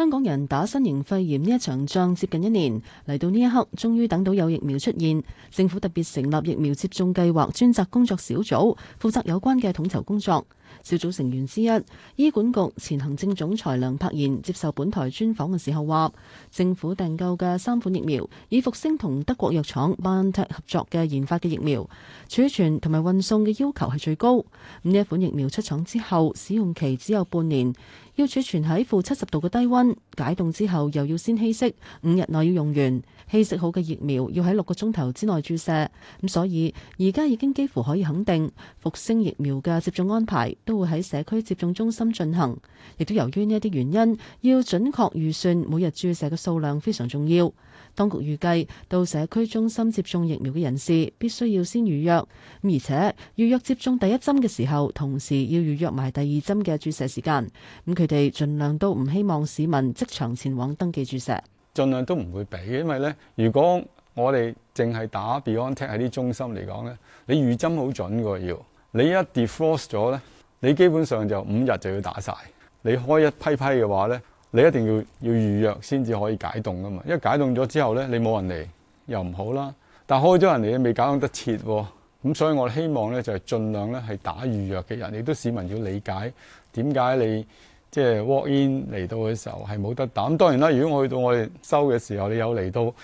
香港人打新型肺炎呢一場仗接近一年，嚟到呢一刻，終於等到有疫苗出現，政府特別成立疫苗接種計劃專責工作小組，負責有關嘅統籌工作。小組成員之一醫管局前行政總裁梁栢賢接受本台專訪嘅時候話，政府訂購嘅三款疫苗，以復星同德國藥廠 BioNtech 合作嘅研發嘅疫苗，儲存同埋運送嘅要求係最高。呢一款疫苗出廠之後，使用期只有半年，要儲存喺負七十度嘅低溫，解凍之後又要先稀釋，五日內要用完。稀釋好嘅疫苗要喺六個鐘頭之內注射，咁所以而家已經幾乎可以肯定復星疫苗嘅接種安排都會喺社區接種中心進行。亦都由於呢一啲原因，要準確預算每日注射嘅數量非常重要。當局預計到社區中心接種疫苗嘅人士必須要先預約，而且預約接種第一針嘅時候，同時要預約埋第二針嘅注射時間。咁佢哋盡量都唔希望市民即場前往登記注射。盡量都唔會俾，因為呢，如果我哋淨係打 BioNtech 喺啲中心嚟講呢，你預針好準嘅要，你一 defrost 咗呢，你基本上就五日就要打晒。你開一批批嘅話呢，你一定要要預約先至可以解凍噶嘛。因為解凍咗之後呢，你冇人嚟又唔好啦。但開咗人嚟未解凍得切喎。咁所以我希望呢，就係儘量呢係打預約嘅人。亦都市民要理解點解你。即係 walk in 嚟到嘅時候係冇得打，咁當然啦，如果我去到我哋收嘅時候，你有嚟到，咁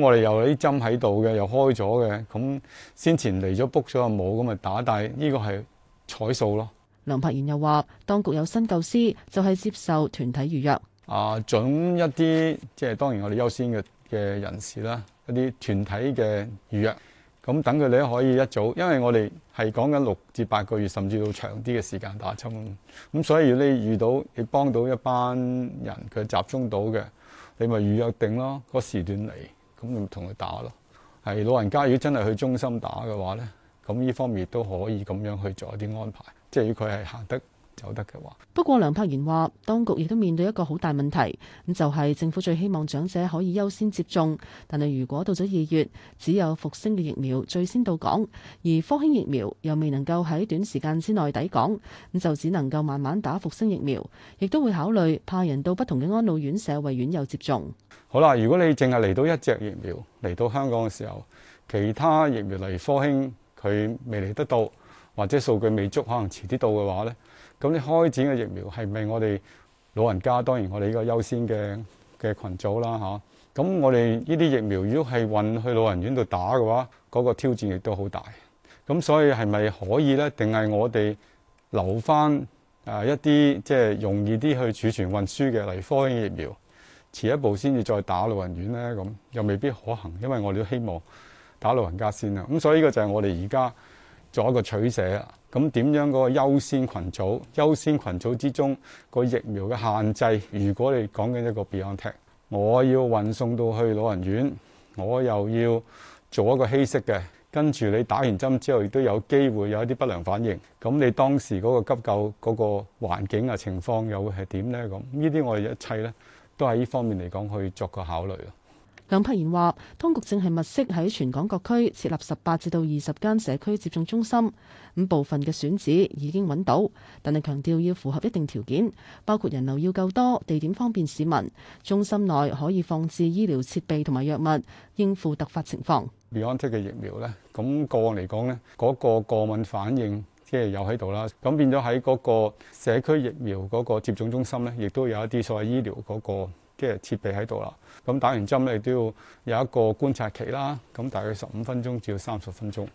我哋又有啲針喺度嘅，又開咗嘅，咁先前嚟咗 book 咗又冇咁咪打帶，但係呢個係彩數咯。梁栢賢又話：當局有新舊施就係接受團體預約。啊，準一啲，即係當然我哋優先嘅嘅人士啦，一啲團體嘅預約。咁等佢哋可以一早，因為我哋係講緊六至八個月，甚至到長啲嘅時間打針，咁所以如果你遇到你幫到一班人佢集中到嘅，你咪預約定咯，個時段嚟，咁你同佢打咯。係老人家如果真係去中心打嘅話咧，咁呢方面都可以咁樣去做一啲安排。即係佢係行得。走得嘅話，不過梁栢賢話，當局亦都面對一個好大問題，咁就係政府最希望長者可以優先接種，但係如果到咗二月只有復星嘅疫苗最先到港，而科興疫苗又未能夠喺短時間之內抵港，咁就只能夠慢慢打復星疫苗，亦都會考慮派人到不同嘅安老院舍為院友接種。好啦，如果你淨係嚟到一隻疫苗嚟到香港嘅時候，其他疫苗嚟科興佢未嚟得到，或者數據未足，可能遲啲到嘅話呢。咁你開展嘅疫苗係咪我哋老人家，當然我哋呢個優先嘅嘅羣組啦吓？咁我哋呢啲疫苗如果係運去老人院度打嘅話，嗰個挑戰亦都好大。咁所以係咪可以呢？定係我哋留翻一啲即係容易啲去儲存運輸嘅，例如科興疫苗，遲一步先至再打老人院呢？咁又未必可行，因為我哋都希望打老人家先啊。咁所以呢個就係我哋而家。做一個取捨啦，咁點樣嗰個優先群組？優先群組之中個疫苗嘅限制，如果你講緊一個 BioNtech，我要運送到去老人院，我又要做一個稀釋嘅，跟住你打完針之後亦都有機會有一啲不良反應，咁你當時嗰個急救嗰個環境啊情況又會係點呢？咁呢啲我哋一切呢都喺呢方面嚟講去作個考慮。梁栢賢話，當局正係物色喺全港各區設立十八至到二十間社區接種中心，咁部分嘅選址已經揾到，但係強調要符合一定條件，包括人流要夠多、地點方便市民、中心內可以放置醫療設備同埋藥物，應付突發情況。BioNTech 嘅疫苗呢？咁過往嚟講呢，嗰個過敏反應即係有喺度啦，咁變咗喺嗰個社區疫苗嗰個接種中心呢，亦都有一啲所謂醫療嗰個。即係設備喺度啦，咁打完針你都要有一個觀察期啦，咁大約十五分鐘至到三十分鐘。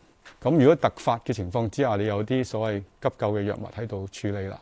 咁如果突發嘅情況之下，你有啲所謂急救嘅藥物喺度處理啦。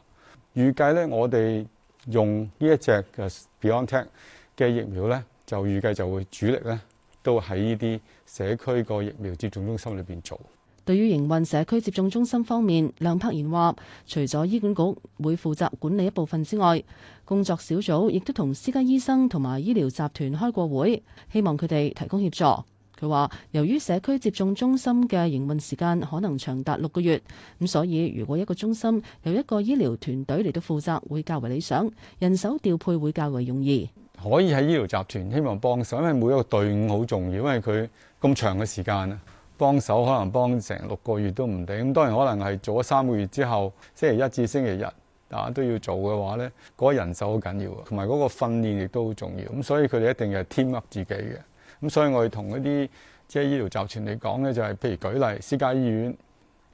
預計咧，我哋用呢一隻嘅 BioNtech 嘅疫苗咧，就預計就會主力咧都喺呢啲社區個疫苗接種中心裏面做。對於營運社區接種中心方面，梁栢賢話：除咗醫管局會負責管理一部分之外，工作小組亦都同私家醫生同埋醫療集團開過會，希望佢哋提供協助。佢話：由於社區接種中心嘅營運時間可能長達六個月，咁所以如果一個中心由一個醫療團隊嚟到負責，會較為理想，人手調配會較為容易。可以喺醫療集團希望幫手，因為每一個隊伍好重要，因為佢咁長嘅時間。幫手可能幫成六個月都唔定，咁當然可能係做咗三個月之後，星期一至星期日大家都要做嘅話呢，嗰、那個、人手好緊要，同埋嗰個訓練亦都好重要。咁所以佢哋一定係 team up 自己嘅。咁所以我哋同一啲即係醫療集團嚟講呢就係、是、譬如舉例私家醫院，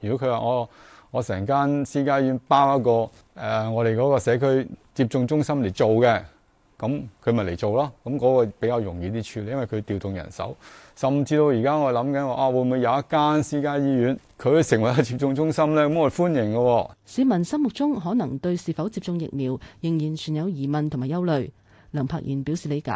如果佢話我我成間私家醫院包一個誒、呃，我哋嗰個社區接種中心嚟做嘅。咁佢咪嚟做咯？咁嗰個比較容易啲處理，因為佢調動人手，甚至到而家我諗緊話啊，會唔會有一間私家醫院佢成為一個接種中心呢？咁我歡迎嘅、哦。市民心目中可能對是否接種疫苗仍然存有疑問同埋憂慮。梁栢賢表示理解。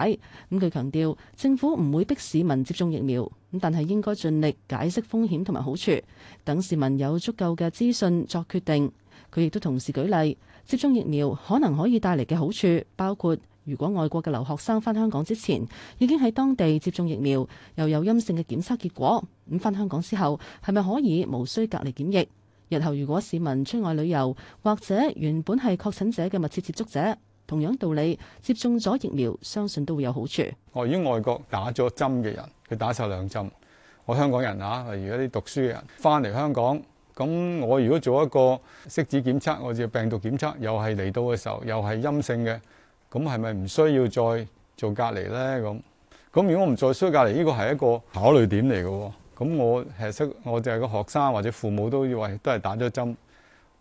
咁佢強調政府唔會逼市民接種疫苗，咁但係應該盡力解釋風險同埋好處，等市民有足夠嘅資訊作決定。佢亦都同時舉例，接種疫苗可能可以帶嚟嘅好處包括。如果外國嘅留學生返香港之前已經喺當地接種疫苗，又有陰性嘅檢測結果，咁翻香港之後係咪可以無需隔離檢疫？日後如果市民出外旅遊，或者原本係確診者嘅密切接觸者，同樣道理，接種咗疫苗相信都會有好處。我已經外國打咗針嘅人，佢打晒兩針，我香港人啊，例如一啲讀書嘅人翻嚟香港，咁我如果做一個拭子檢測，或者病毒檢測，又係嚟到嘅時候又係陰性嘅。咁係咪唔需要再做隔離呢？咁咁如果我唔再需要隔離，呢個係一個考慮點嚟嘅喎。咁我其實我哋係個學生或者父母都以為都係打咗針，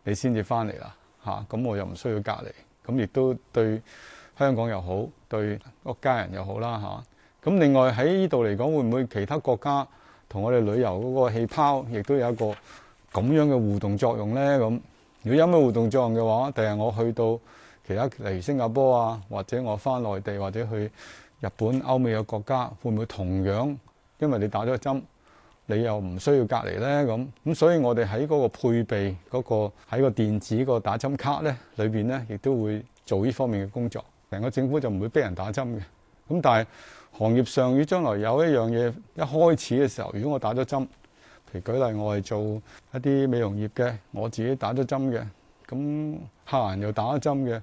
你先至翻嚟啦嚇。咁我又唔需要隔離，咁亦都對香港又好，對屋家人又好啦嚇。咁另外喺呢度嚟講，會唔會其他國家同我哋旅遊嗰個氣泡，亦都有一個咁樣嘅互動作用呢？咁如果有咩互動作用嘅話，第日我去到。其他例如新加坡啊，或者我返內地或者去日本、歐美嘅國家，會唔會同樣？因為你打咗針，你又唔需要隔離呢？咁。咁所以我哋喺嗰個配備嗰個喺個電子個打針卡呢裏面呢，亦都會做呢方面嘅工作。成個政府就唔會逼人打針嘅。咁但係行業上，如果將來有一樣嘢一開始嘅時候，如果我打咗針，譬如舉例我係做一啲美容業嘅，我自己打咗針嘅，咁客人又打咗針嘅。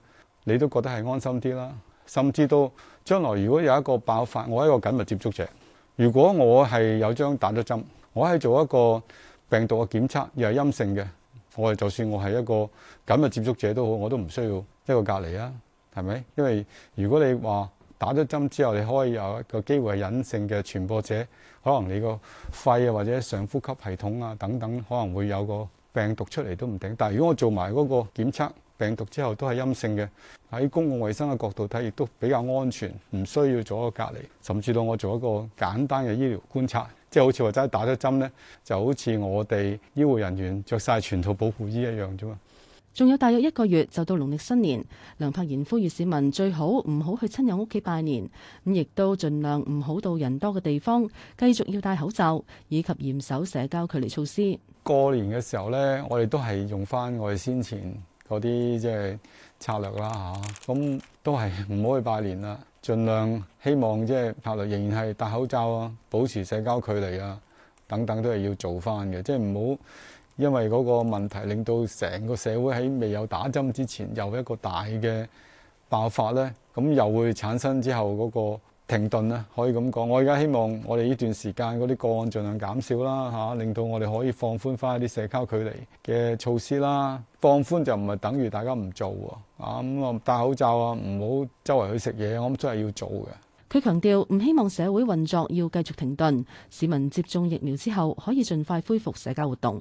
你都覺得係安心啲啦，甚至都將來如果有一個爆發，我係一個緊密接觸者，如果我係有一張打咗針，我係做一個病毒嘅檢測又係陰性嘅，我就算我係一個緊密接觸者都好，我都唔需要一個隔離啊，係咪？因為如果你話打咗針之後，你可以有一個機會係隱性嘅傳播者，可能你個肺啊或者上呼吸系統啊等等可能會有個病毒出嚟都唔定，但如果我做埋嗰個檢測病毒之後都係陰性嘅。喺公共衛生嘅角度睇，亦都比較安全，唔需要做一個隔離，甚至到我做一個簡單嘅醫療觀察，即係好似話齋打咗針咧，就好似我哋醫護人員着晒全套保護衣一樣啫嘛。仲有大約一個月就到農曆新年，梁栢賢呼籲市民最好唔好去親友屋企拜年，咁亦都盡量唔好到人多嘅地方，繼續要戴口罩以及嚴守社交距離措施。過年嘅時候咧，我哋都係用翻我哋先前，嗰啲即係策略啦嚇，咁都係唔好去拜年啦，儘量希望即係策略仍然係戴口罩啊，保持社交距離啊，等等都係要做翻嘅，即係唔好因為嗰個問題令到成個社會喺未有打針之前又一個大嘅爆發呢，咁又會產生之後嗰個停頓啦，可以咁講。我而家希望我哋呢段時間嗰啲個案盡量減少啦，吓、啊、令到我哋可以放寬翻一啲社交距離嘅措施啦，啊。放寬就唔係等於大家唔做啊，咁戴口罩啊，唔好周圍去食嘢，我諗真係要做嘅。佢強調唔希望社會運作要繼續停頓，市民接種疫苗之後可以盡快恢復社交活動。